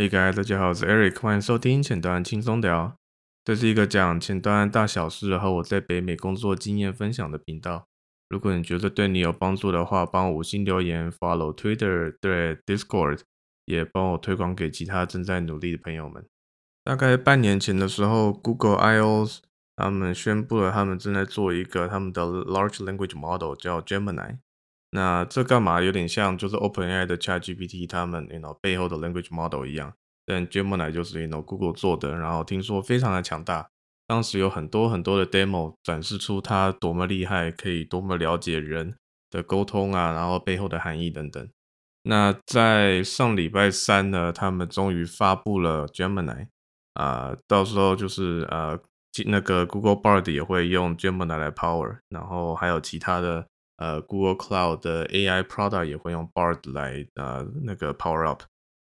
Hey guys，大家好，我是 Eric，歡迎收聽前端輕鬆聊。這是一個講前端大小事和我在北美工作經驗分享的頻道。如果你覺得對你有幫助的話，幫我五星留言 follow Twitter、Thread、Discord，也幫我推廣給其他正在努力的朋友們。大概半年前的時候，Google I/O 他們宣布了他們正在做一個他們的 large language model，叫 Gemini。那這幹嘛有點像，就是 OpenAI 的 ChatGPT，他們 you know 背後的 language model 一樣。但 Gemini 就是 you know Google 做的，然後聽說非常的強大。當時有很多很多的 demo 展示出它多麼厲害，可以多麼了解人的溝通啊，然後背後的含義等等。那在上禮拜三呢，他們終於發布了 Gemini，啊、呃，到時候就是呃，那個 Google Bard 也會用 Gemini 來 power，然後還有其他的。呃，Google Cloud 的 AI product 也會用 Bard 來呃那個 power up，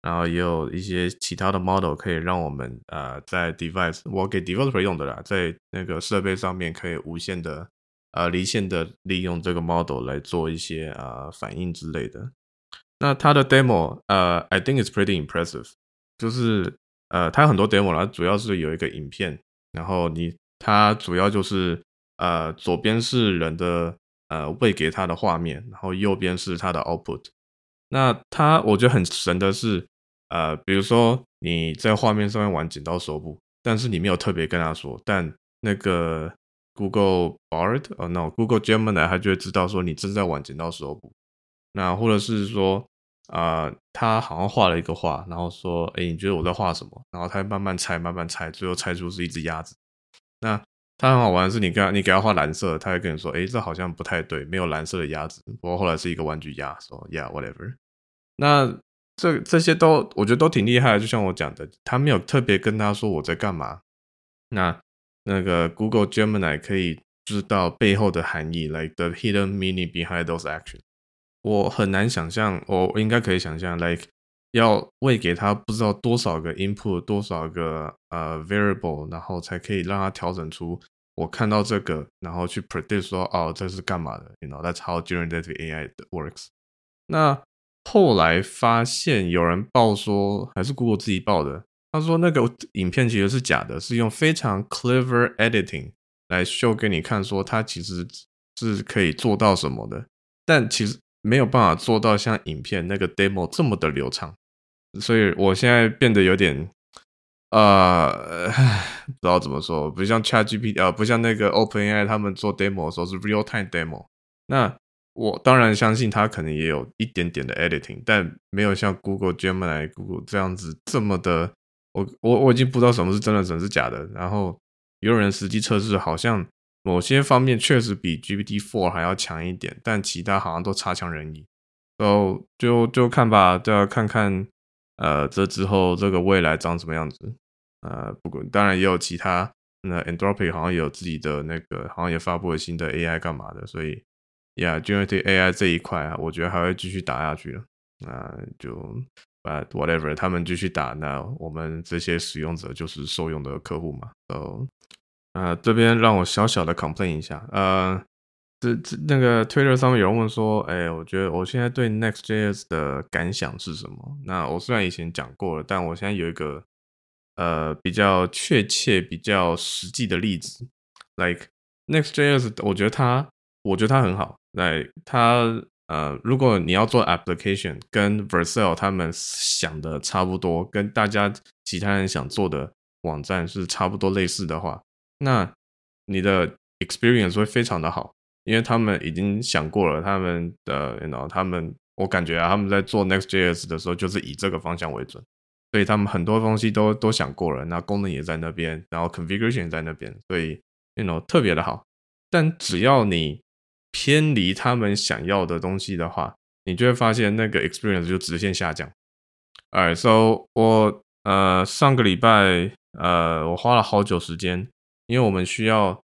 然後也有一些其他的 model 可以讓我們呃在 device，我給 developer 用的啦，在那個設備上面可以無限的呃離線的利用這個 model 來做一些啊、呃、反應之類的。那它的 demo 呃，I think it's pretty impressive，就是呃它有很多 demo 啦，主要是有一個影片，然後你它主要就是呃左邊是人的。呃，餵給他的畫面，然後右邊是他的 output。那他我覺得很神的是，呃，比如說你在畫面上面玩剪刀手布，但是你沒有特別跟他說，但那個 Google Bard 或、oh、者、no, Google Gemini，他就會知道說你正在玩剪刀手布。那或者是說，啊、呃，他好像畫了一個畫，然後說，誒，你覺得我在畫什麼？然後他慢慢猜，慢慢猜，最後猜出是一隻鴨子。那他很好玩，是你給他，你給他畫藍色，他還跟你說：“哎，這好像不太對，沒有藍色的鴨子。”不過後來是一個玩具鴨，說：“Yeah, whatever。”那這這些都我覺得都挺厲害的，就像我講的，他沒有特別跟他說我在幹嘛。那那個 Google Gemini 可以知道背後的含義，like the hidden meaning behind those actions。我很難想象，我應該可以想象，like。要餵給它不知道多少個 input，多少個呃、uh, variable，然後才可以讓它調整出我看到這個，然後去 predict 說哦這是幹嘛的，you know that's how generative AI works。那後來發現有人爆說，還是 Google 自己爆的，他說那個影片其實是假的，是用非常 clever editing 來 show 給你看，說它其實是可以做到什麼的，但其實沒有辦法做到像影片那個 demo 這麼的流暢。所以，我現在變得有點，呃，不知道怎麼說。不像 ChatGPT，啊、呃，不像那個 OpenAI 他們做 demo 的時候是 real time demo。那我當然相信他可能也有一點點的 editing，但沒有像 Google Gemini、Google 這樣子這麼的。我我我已經不知道什麼是真的，什麼是假的。然後，有人實際測試，好像某些方面確實比 GPT-4 還要強一點，但其他好像都差強人意。然、so, 後就就看吧，就要看看。呃，這之後這個未來長什麼樣子？呃，不管，當然也有其他，那 Anthropic 好像也有自己的那個，好像也發佈了新的 AI 幹嘛的，所以，呀，Agentic AI 這一塊啊，我覺得還會繼續打下去的。啊、呃，就 but，whatever，他們繼續打，那我們這些使用者就是受用的客戶嘛。So, 呃，啊，這邊讓我小小的 complain 一下，呃。這這那個 Twitter 上面有人問說，哎、欸，我覺得我現在對 Next.js 的感想是什麼？那我雖然以前講過了，但我現在有一個呃比較確切、比較實際的例子，like Next.js，我覺得它，我覺得它很好。來、like，它呃，如果你要做 application，跟 Vercel 他們想的差不多，跟大家其他人想做的網站是差不多類似的話，那你的 experience 會非常的好。因為他們已經想過了，他們的 you know，他們，我感覺啊，他們在做 Next.js 的時候就是以這個方向為準，所以他們很多東西都都想過了，那功能也在那邊，然後 configuration 也在那邊，所以 you know，特別的好。但只要你偏離他們想要的東西的話，你就會發現那個 experience 就直線下降。Alright, so 我呃上個禮拜呃我花了好久時間，因為我們需要。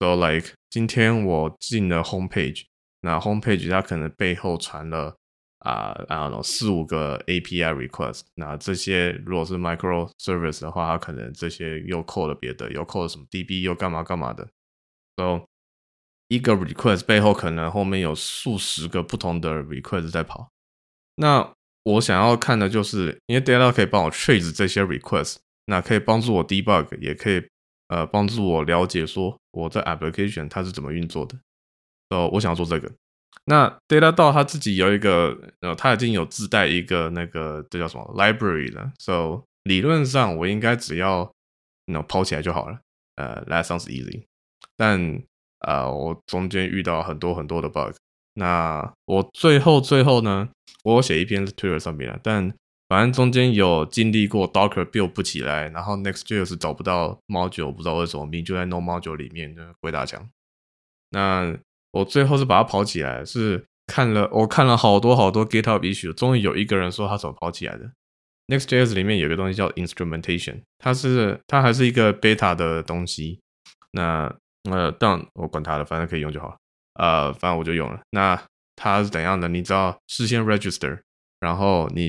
So like 今天我進了 home page，那 home page 它可能背後傳了啊，啊四五個 API request。那這些如果是 micro service 的話，它可能這些又扣了別的，又扣了什麼 DB，又幹嘛幹嘛的。So 一個 request 背後可能後面有數十個不同的 request 在跑。那我想要看的就是，因為 Data 可以幫我 trace 這些 request，那可以幫助我 debug，也可以。呃，幫助我了解說我的 application 它是怎麼運作的。呃、so，我想要做這個。那 DataDog 它自己有一個，呃，它已經有自帶一個那個，這叫什麼 library 了。所、so, 以理論上我應該只要那拋起來就好了。呃、uh，that sounds easy。但啊、呃，我中間遇到很多很多的 bug。那我最後最後呢，我寫一篇 Twitter 上面了，但反正中間有經歷過 Docker build 不起來，然後 Next.js 找不到 module，不知道為什麼，明明就在 node_modules 裡面，就鬼打牆。那我最後是把它跑起來，是看了我看了好多好多 GitHub issue，終於有一個人說他怎麼跑起來的。Next.js 裡面有個東西叫 Instrumentation，它是它還是一個 beta 的東西。那呃，當然我管它了，反正可以用就好了。呃，反正我就用了。那它是怎樣的？你只要事先 register，然後你。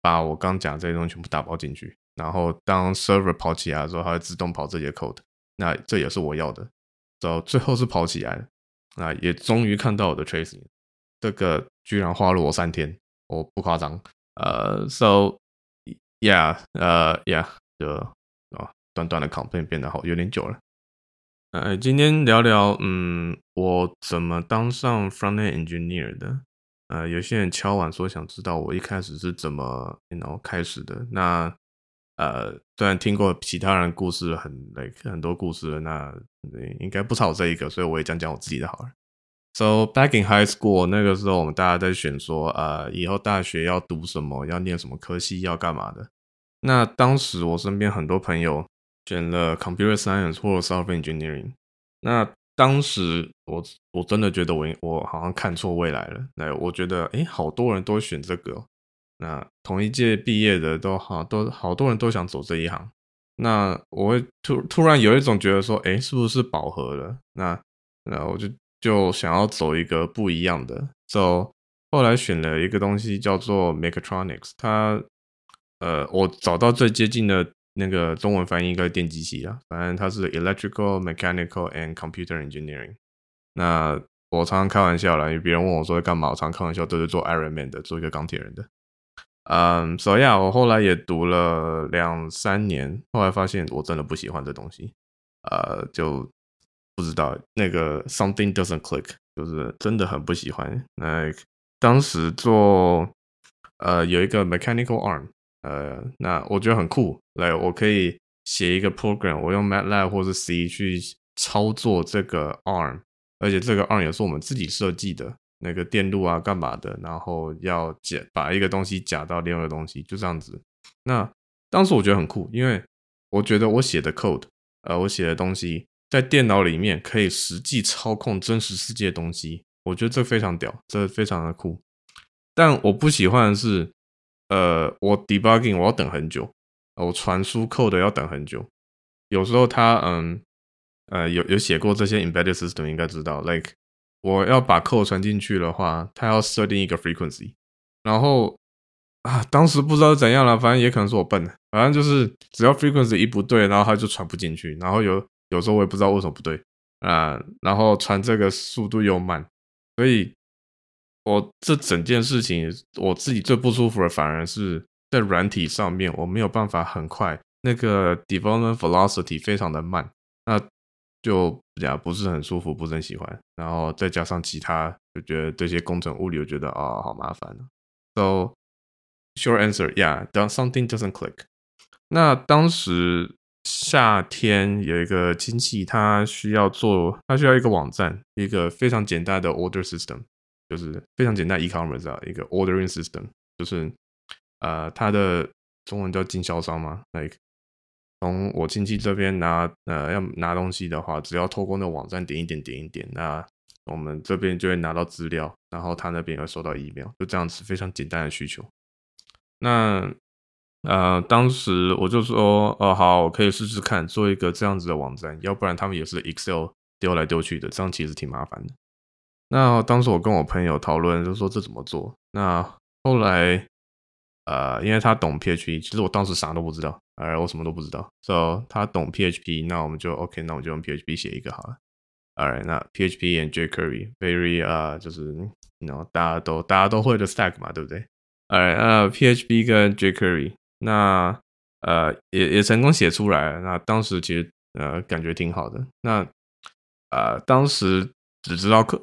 把我剛講這些東西全部打包進去，然後當 server 跑起來的時候，它會自動跑這些 code。那這也是我要的。到、so, 最後是跑起來了，啊，也終於看到我的 tracing。這個居然花了我三天，我不誇張。呃、uh,，so yeah，呃、uh,，yeah，就啊、哦，短短的 company 變得好有點久了。呃，今天聊聊，嗯，我怎麼當上 frontend engineer 的。呃，有些人敲碗，說想知道我一開始是怎麼，然後 you know, 開始的。那呃，雖然聽過其他人故事很、很、like, 很多故事了，那應該不差我這一個，所以我也講講我自己的好了。So back in high school，那個時候我們大家在選說啊、呃，以後大學要讀什麼，要念什麼科系，要幹嘛的。那當時我身邊很多朋友選了 Computer Science 或者 Software Engineering。那當時我我真的覺得我我好像看錯未來了。那我覺得哎，好多人都選這個、哦，那同一屆畢業的都好都好多人都想走這一行。那我會突突然有一種覺得說，哎，是不是飽和了？那那我就就想要走一個不一樣的。走、So, 後來選了一個東西叫做 Mechatronics，它呃我找到最接近的。那個中文翻譯應該是電機系啊，反正它是 electrical, mechanical and computer engineering。那我常常開玩笑啦，因為別人問我說在幹嘛，我常開玩笑都是做 Iron Man 的，做一個鋼鐵人的。嗯，所以啊，我後來也讀了兩三年，後來發現我真的不喜歡這東西，呃、uh,，就不知道那個 something doesn't click，就是真的很不喜歡。那、like, 當時做呃有一個 mechanical arm。呃，那我覺得很酷。來，我可以寫一個 program，我用 MATLAB 或者 C 去操作這個 arm，而且這個 arm 也是我們自己設計的那個電路啊，幹嘛的，然後要夾把一個東西夾到另外一個東西，就這樣子。那當時我覺得很酷，因為我覺得我寫的 code，呃，我寫的東西在電腦裡面可以實際操控真實世界的東西，我覺得這非常屌，這非常的酷。但我不喜歡的是。呃，我 debugging 我要等很久，我傳輸 code 要等很久。有時候他，嗯，呃，有有寫過這些 embedded system 應該知道，like 我要把 code 傳進去的話，他要設定一個 frequency。然後啊，當時不知道怎樣了，反正也可能是我笨，反正就是只要 frequency 一不對，然後他就傳不進去。然後有有時候我也不知道為什麼不對啊，然後傳這個速度又慢，所以。我這整件事情，我自己最不舒服的反而是在軟體上面，我沒有辦法很快，那個 development velocity 非常的慢，那就比較不是很舒服，不是很喜歡。然後再加上其他，就覺得這些工程物理，我覺得啊、哦、好麻煩。So short answer，yeah，something doesn't click。那當時夏天有一個親戚，他需要做，他需要一個網站，一個非常簡單的 order system。就是非常簡單，e-commerce 啊，一個 ordering system，就是呃，它的中文叫經銷商嘛。Like 從我親戚這邊拿呃要拿東西的話，只要透過那個網站點一點點一點，那我們這邊就會拿到資料，然後他那邊會收到 email，就這樣子非常簡單的需求。那呃，當時我就說，哦、呃，好，我可以試試看做一個這樣子的網站，要不然他們也是 Excel 丟來丟去的，這樣其實挺麻煩的。那當時我跟我朋友討論，就說這怎麼做？那後來，呃，因為他懂 PHP，其實我當時啥都不知道，呃、right,，我什麼都不知道。So 他懂 PHP，那我們就 OK，那我們就用 PHP 寫一個好了。All right，那 PHP and jQuery，very 啊、uh,，就是 you no know, 大家都大家都會的 stack 嘛，對不對？哎，呃，PHP 跟 jQuery，那呃也也成功寫出來了。那當時其實呃感覺挺好的。那啊、呃、當時只知道客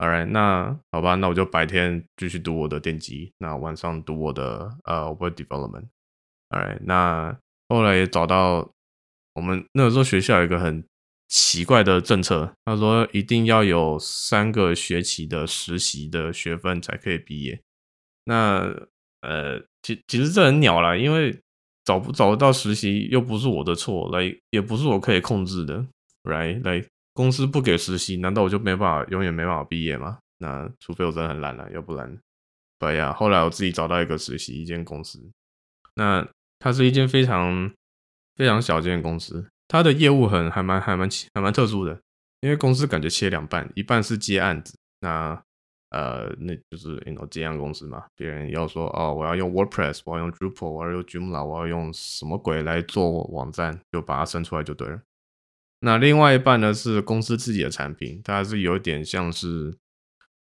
All right，right，那好吧，那我就白天繼續讀我的電機，那晚上讀我的呃，web development。All right，right，那後來也找到，我們那個時候學校有一個很奇怪的政策，他說一定要有三個學期的實習的學分才可以畢業。那呃，其其實這很鳥啦，因為找不找得到實習又不是我的錯，來、like, 也不是我可以控制的，right，e、like, 公司不給實習，難道我就沒辦法永遠沒辦法畢業嗎？那除非我真的很懶了，要不然，對呀。後來我自己找到一個實習，一間公司，那它是一間非常非常小一間公司，它的業務很還蠻還蠻還蠻，還蠻特殊的，因為公司感覺切兩半，一半是接案子，那呃那就是一種 you know, 接案公司嘛，別人要說哦我要用 WordPress，我要用 Drupal，我要用 Joomla，我要用什麼鬼來做網站，就把它生出來就對了。那另外一半呢，是公司自己的產品，它是有一點像是，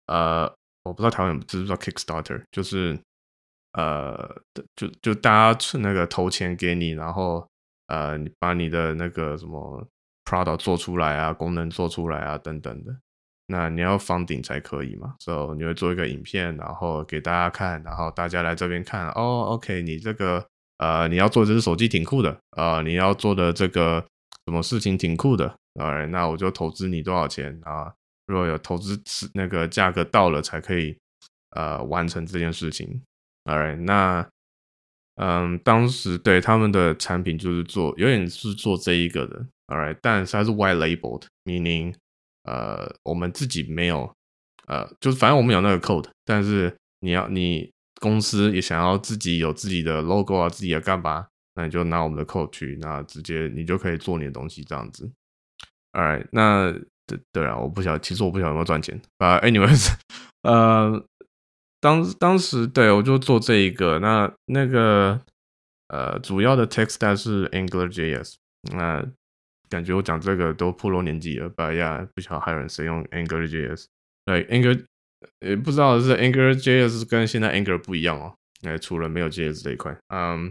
呃，我不知道台灣人知不知道 Kickstarter，就是，呃，就就大家出那個投錢給你，然後呃，你把你的那個什麼 product 做出來啊，功能做出來啊等等的，那你要 funding 才可以嘛，所、so, 以你會做一個影片，然後給大家看，然後大家來這邊看，哦，OK，你這個呃你要做這隻手機挺酷的，呃，你要做的這個。什麼事情挺酷的，Alright，那我就投資你多少錢啊？如果有投資，那個價格到了才可以呃完成這件事情。Alright。那嗯，當時對他們的產品就是做，有點是做這一個的，right。Alright, 但是它是 white labeled, meaning 呃我們自己沒有呃就是反正我們有那個 code，但是你要你公司也想要自己有自己的 logo 啊，自己要幹嘛？那你就拿我們的 code 去，那直接你就可以做你的東西這樣子。Alright，那對對啊，我不曉，其實我不曉得有沒有賺錢。啊，anyways 呃，當當時對我就做這一個，那那個呃，主要的 text 是 Angular JS。那感覺我講這個都暴露年紀了，吧？呀，不曉得還有人誰用 Angular JS？對 Angular 也不知道是 Angular JS 跟現在 Angular 不一樣哦、喔。哎、欸，除了沒有 JS 這一塊，um,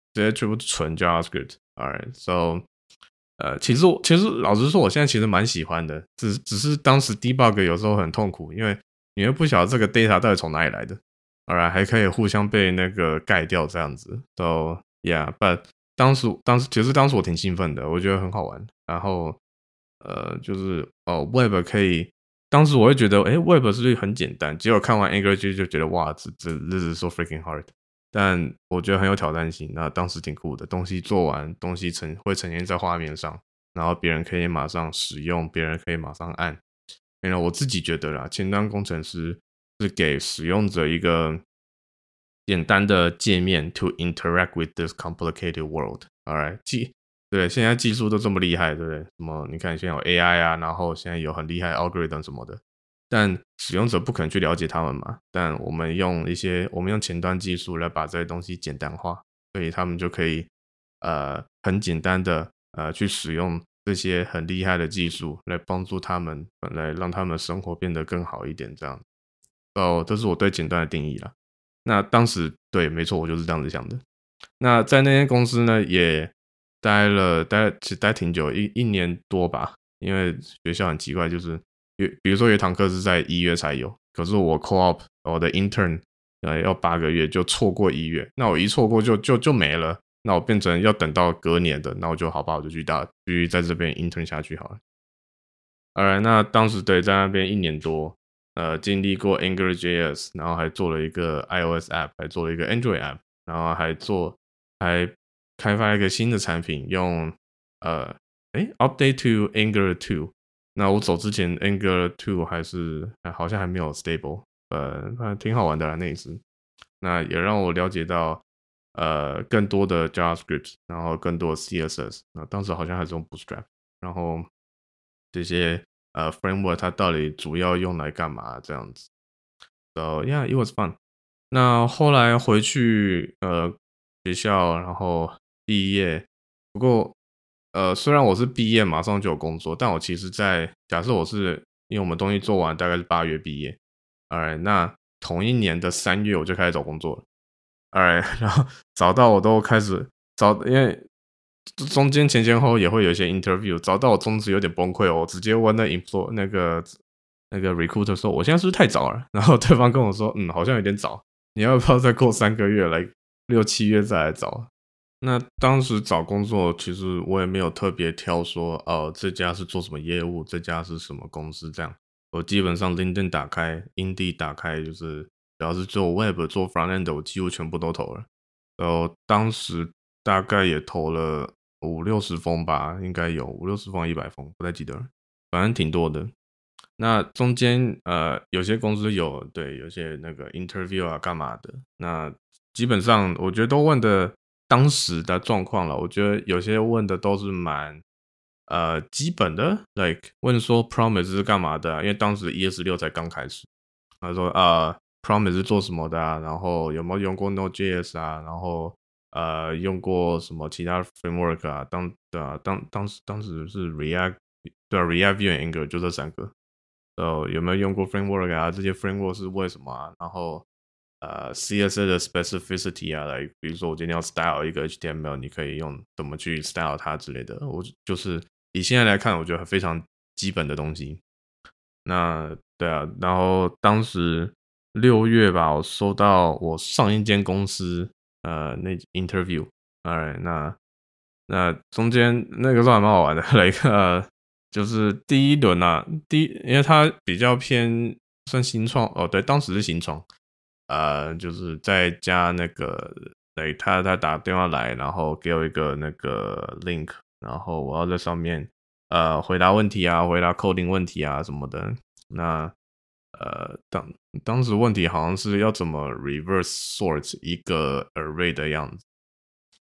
直接全部存 JavaScript，All right，so，呃，其實我其實老實說，我現在其實蠻喜歡的，只只是當時 debug 有時候很痛苦，因為你又不曉得這個 data 到底從哪裡來的，All right，還可以互相被那個蓋掉這樣子。So yeah，but 當時當時其實當時我挺興奮的，我覺得很好玩。然後呃，就是哦，Web 可以，當時我會覺得，誒、欸、Web 是不是很簡單？結果看完 Angular 就就覺得，哇，這是這 this is so freaking hard。但我覺得很有挑戰性，那當時挺酷的。東西做完，東西呈會呈現在畫面上，然後別人可以馬上使用，別人可以馬上按。沒我自己覺得啦，前端工程師是給使用者一個簡單的界面，to interact with this complicated world。All right，技對,對，現在技術都這麼厲害，對不對？什麼？你看，現在有 AI 啊，然後現在有很厲害 algorithm 什麼的。但使用者不可能去了解他們嘛？但我們用一些我們用前端技術來把這些東西簡單化，所以他們就可以呃很簡單的呃去使用這些很厲害的技術來幫助他們，來讓他們生活變得更好一點。這樣哦，so, 這是我對簡單的定義了。那當時對，沒錯，我就是這樣子想的。那在那間公司呢，也待了待，其實待挺久，一一年多吧。因為學校很奇怪，就是。比如說，一堂課是在一月才有，可是我 co-op 我的 intern，呃，要八個月，就錯過一月，那我一錯過就就就沒了，那我變成要等到隔年的，那我就好吧，我就去大去在這邊 intern 下去好了。Alright，那當時對在那邊一年多，呃，經歷過 Angular JS，然後還做了一個 iOS app，還做了一個 Android app，然後還做還開發了一個新的產品，用呃，哎，update to Angular two。那我走之前，Angular 2還是、欸、好像還沒有 Stable，呃，挺好玩的啦那一次，那也讓我了解到，呃，更多的 JavaScript，然後更多的 CSS，那、呃、當時好像還是用 Bootstrap，然後這些呃 Framework 它到底主要用來幹嘛這樣子，So, yeah, it was fun。那後來回去呃學校，然後畢業，不過。呃，雖然我是畢業馬上就有工作，但我其實在假設我是因為我們東西做完大概是八月畢業，All right，那同一年的三月我就開始找工作了，All right，然後找到我都開始找，因為中間前前後也會有一些 interview，找到我中止有點崩潰，我直接問那 employer 那個那個 recruiter 說，我現在是不是太早了？然後對方跟我說，嗯，好像有點早，你要不要再過三個月來六七月再來找？那當時找工作，其實我也沒有特別挑，說，呃，這家是做什麼業務，這家是什麼公司，這樣。我基本上 LinkedIn 打開，Indeed 打開，就是只要是做 Web 做 Frontend，我幾乎全部都投了。然後當時大概也投了五六十封吧，應該有五六十封、一百封，不太記得了。反正挺多的。那中間呃，有些公司有，對，有些那個 Interview 啊幹嘛的。那基本上我覺得都問的。當時的狀況了，我覺得有些問的都是蠻呃基本的，like 問說 Promise 是幹嘛的，啊，因為當時 ES 六才剛開始。他說啊、呃、Promise 是做什麼的啊？然後有沒有用過 Node.js 啊？然後呃，用過什麼其他 framework 啊？當的、呃、當當時當時是 React 對、啊、r e a c t v i e w Angular 就這三個。呃、so,，有沒有用過 framework 啊？這些 framework 是為什麼？啊，然後。啊 CSS 的 specificity 啊，來、like，比如說我今天要 style 一個 HTML，你可以用怎麼去 style 它之類的。我就是以現在來看，我覺得還非常基本的東西。那對啊，然後當時六月吧，我收到我上一間公司呃那 interview，Alright，那那中間那個算蠻好玩的，來一個就是第一輪啊，第一，因為它比較偏算新創哦，對，當時是新創。呃，就是在家那個，哎，他他打電話來，然後給我一個那個 link，然後我要在上面，呃，回答問題啊，回答 coding 問題啊什麼的。那，呃，當當時問題好像是要怎麼 reverse sort 一個 array 的樣子。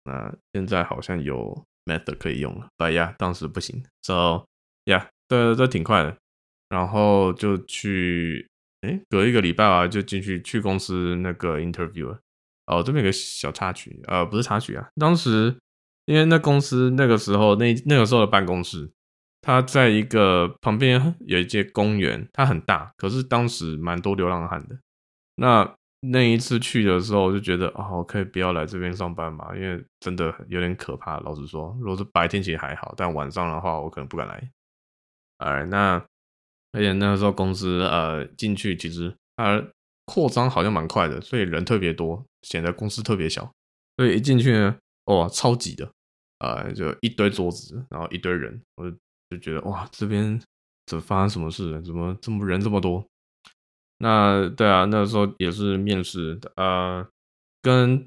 那現在好像有 method 可以用了，but yeah，當時不行。So yeah，這這挺快的。然後就去。哎、欸，隔一個禮拜啊，就進去去公司那個 interview，哦，這邊有個小插曲啊、呃，不是插曲啊。當時因為那公司那個時候那那個時候的辦公室，它在一個旁邊有一間公園，它很大，可是當時蠻多流浪漢的。那那一次去的時候，我就覺得哦，可以不要來這邊上班嘛，因為真的有點可怕。老實說，如果是白天其實還好，但晚上的話，我可能不敢來。哎，那。而且那個時候公司呃，進去其實它擴張好像蠻快的，所以人特別多，顯得公司特別小。所以一進去呢，哇、哦，超擠的，啊、呃，就一堆桌子，然後一堆人，我就覺得哇，這邊怎麼發生什麼事？怎麼這麼人這麼多？那對啊，那個時候也是面試，呃，跟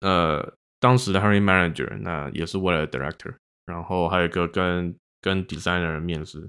呃當時的 Hiring Manager，那也是未來的 Director，然後還有一個跟跟 Designer 面試。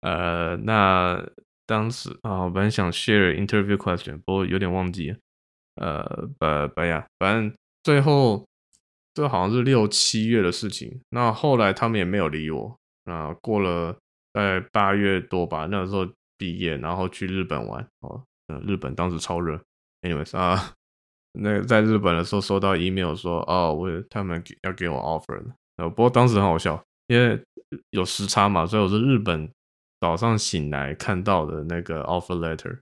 呃，那當時啊，哦，我本來想 share interview question，不過有點忘記。呃，不不呀，反正最後這好像是六七月的事情。那後來他們也沒有理我。那，呃，過了在八月多吧，那個時候畢業，然後去日本玩。哦，呃，日本當時超熱。Anyways 啊，那在日本的時候收到 email 說，哦，我他們給，要給我 offer 了。呃，不過當時很好笑，因為有時差嘛，所以我是日本。早上醒來看到的那個 offer letter，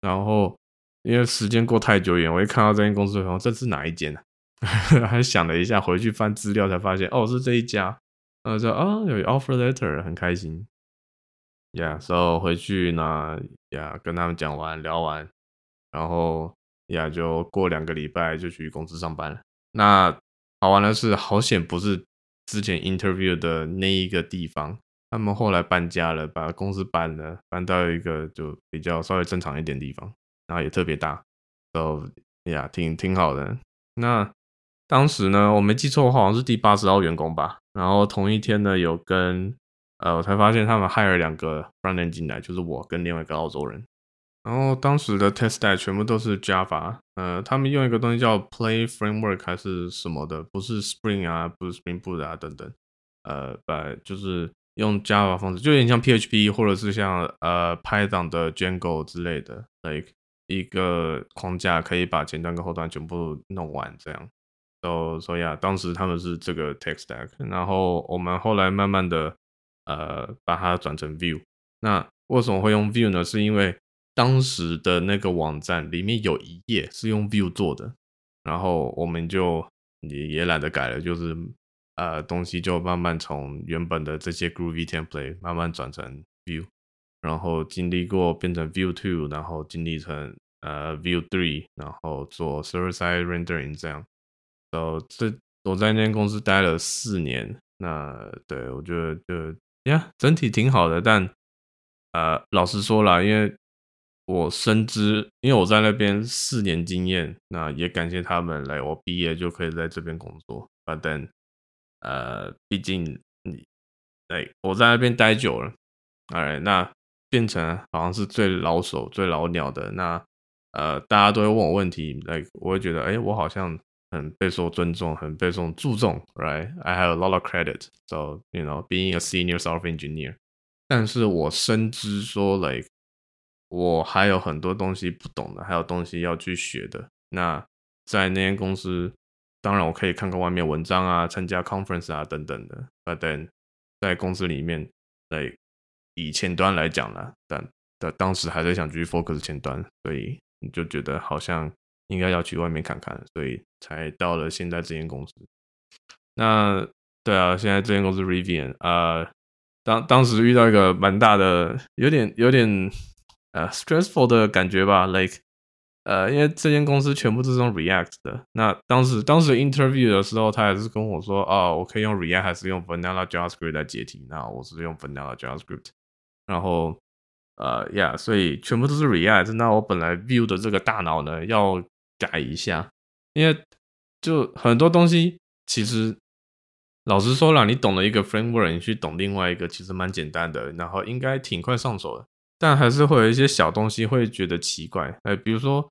然後因為時間過太久遠，我一看到這間公司，然後這是哪一間呢？啊？ 還想了一下，回去翻資料才發現，哦，是這一家，呃，就、哦、啊有 offer letter，很開心。呀、yeah, so 回去呢，呀、yeah, 跟他們講完聊完，然後呀、yeah, 就過兩個禮拜就去公司上班了。那好玩的是，好險不是之前 interview 的那一個地方。他們後來搬家了，把公司搬了，搬到一個就比較稍微正常一點的地方，然後也特別大 so 呀，so, yeah, 挺挺好的。那當時呢，我沒記錯的話，好像是第八十號員工吧。然後同一天呢，有跟呃，我才發現他們 hire 兩個 front end 進來，就是我跟另外一個澳洲人。然後當時的 tech stack 全部都是 Java，呃，他們用一個東西叫 Play Framework 還是什麼的，不是 Spring 啊，不是 Spring Boot 啊等等，呃，把就是。用 Java 方式，就有點像 PHP 或者是像呃 Python 的 Django 之類的 l、like, 一個框架，可以把前端跟後端全部弄完這樣。所以啊，當時他們是這個 tech stack，然後我們後來慢慢的呃把它轉成 view。那為什麼會用 view 呢？是因為當時的那個網站裡面有一頁是用 view 做的，然後我們就也也懶得改了，就是。呃，東西就慢慢從原本的這些 Groovy template 慢慢轉成 View，然後經歷過變成 View two，然後經歷成呃 View three，然後做 server side rendering 這樣。然後 ,so, 這我在那間公司待了四年，那對我覺得就呀整體挺好的，但呃老實說啦，因為我深知，因為我在那邊四年經驗，那也感謝他們來，來我畢業就可以在這邊工作。But then 呃、uh,，畢竟你，哎、like,，我在那邊待久了，哎，那變成好像是最老手、最老鳥的那，呃、uh,，大家都會問我問題，like 我會覺得，哎、欸，我好像很備受尊重，很被受注重，right？I have a lot of credit, so, you know being a senior software engineer。但是我深知說，like 我還有很多東西不懂的，還有東西要去學的。那在那間公司。當然，我可以看看外面文章啊，參加 conference 啊等等的。但，在公司裡面，以前端來講啦，但但當時還在想繼續 focus 前端，所以你就覺得好像應該要去外面看看，所以才到了現在這間公司。那對啊，現在這間公司 Rivian 啊、呃，當當時遇到一個蠻大的，有點有點呃 stressful 的感覺吧，like。呃，因為這間公司全部都是用 React 的。那當時當時 interview 的時候，他也是跟我說，啊，我可以用 React 還是用 Vanilla JavaScript 來解題。那我是用 Vanilla JavaScript。然後，呃，呀，yeah，所以全部都是 React。那我本來 Vue 的這個大腦呢，要改一下，因為就很多東西，其實老實說啦，你懂了一個 framework，你去懂另外一個，其實蠻簡單的，然後應該挺快上手的。但還是會有一些小東西會覺得奇怪，呃，比如說。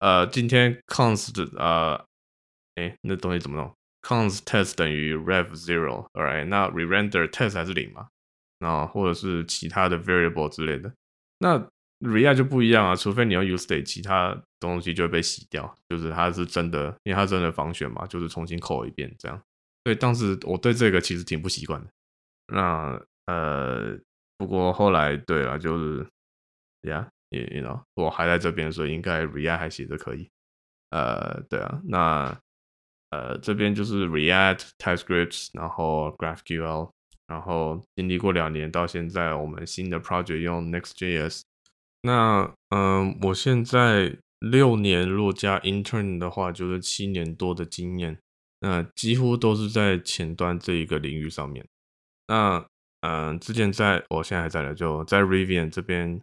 呃，今天 const 啊、呃，哎，那東西怎麼弄？const test 等於 ref zero，alright，那 re render r e test 還是零嘛？那，no, 或者是其他的 variable 之類的？那 React 就不一樣啊，除非你要 use state，其他東西就會被洗掉，就是它是真的，因為它真的防選嘛，就是重新扣一遍這樣。所以當時我對這個其實挺不習慣的。那呃，不過後來，對了，就是呀。Yeah 你 you 你 know, 我還在這邊，所以應該 React 還寫的可以。呃、uh,，對啊，那呃這邊就是 React TypeScript，然後 GraphQL，然後經歷過兩年到現在，我們新的 project 用 Next.js。那嗯、呃，我現在六年，如果加 intern 的話，就是七年多的經驗。那、呃、幾乎都是在前端這一個領域上面。那嗯、呃，之前在我現在還在的，就在 Rivian 這邊。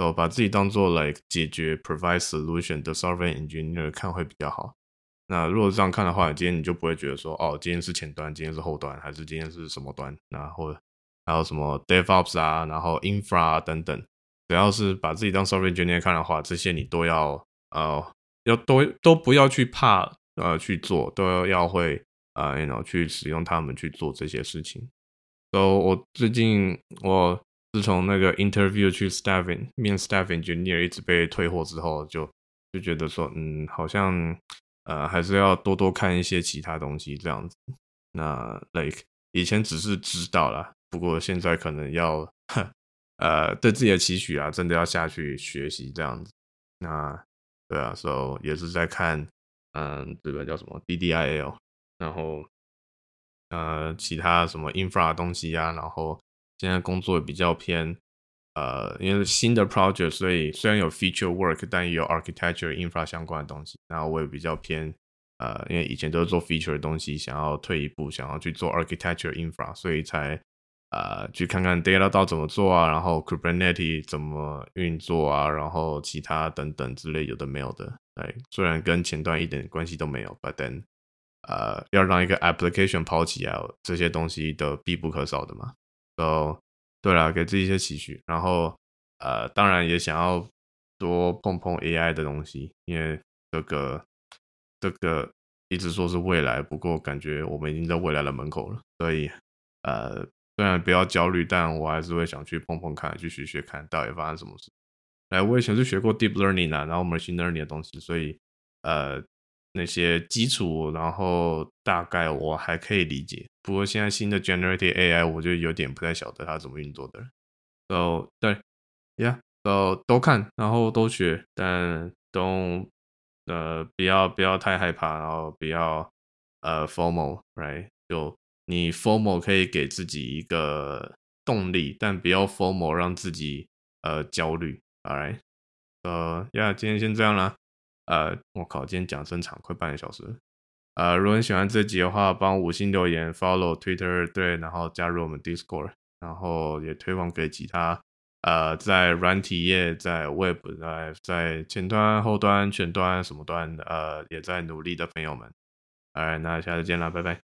So, 把自己當做來解決 provide solution 的 software engineer 看會比較好。那如果這樣看的話，今天你就不會覺得說，哦，今天是前端，今天是後端，還是今天是什麼端？然後還有什麼 DevOps 啊，然後 infra、啊、等等，只要是把自己當 software engineer 看的話，這些你都要呃，要都都不要去怕呃去做，都要會啊，然、呃、後 you know, 去使用他們去做這些事情。以、so, 我最近我。自從那個 interview 去 staffing 面 staffing junior 一直被退貨之後就，就就覺得說，嗯，好像呃還是要多多看一些其他東西這樣子。那 like 以前只是知道啦，不過現在可能要，呃，對自己的期許啊，真的要下去學習這樣子。那對啊，所、so, 以也是在看，嗯、呃，這個叫什麼 DDIL，然後呃，其他什麼 infra 的東西啊，然後。現在工作也比較偏，呃，因為新的 project，所以雖然有 feature work，但也有 architecture infra 相關的東西。然後我也比較偏，呃，因為以前都是做 feature 的東西，想要退一步，想要去做 architecture infra，所以才，呃，去看看 data 到底怎麼做啊，然後 kubernetes 怎麼運作啊，然後其他等等之類有的沒有的，對，雖然跟前端一點關係都沒有，but then，呃，要讓一個 application 跑起來，這些東西都必不可少的嘛。哦、so，對啦，給自己一些期許，然後呃，當然也想要多碰碰 AI 的東西，因為這個這個一直說是未來，不過感覺我們已經在未來的門口了，所以呃，雖然不要焦慮，但我還是會想去碰碰看，去學學看到底發生什麼事。來，我以前是學過 deep learning 啦，然後 machine learning 的東西，所以呃。那些基礎，然後大概我還可以理解。不過現在新的 generative AI，我就有點不太曉得它怎麼運作的了。哦、so,，對，Yeah，呃、so,，都看，然後都學，但都呃不要不要太害怕，然後不要，呃 FOMO，Right？就你 FOMO 可以給自己一個動力，但不要 FOMO 讓自己呃焦慮。Alright，呃、so,，Yeah，今天先這樣啦。呃，我靠，今天講真長，快半個小時。呃，如果你喜歡這集的話，幫五星留言，follow Twitter，對，然後加入我們 Discord，然後也推廣給其他呃，在軟體業，在 Web，在在前端、後端、全端什麼端呃，也在努力的朋友們。哎，right，那下次見了，拜拜。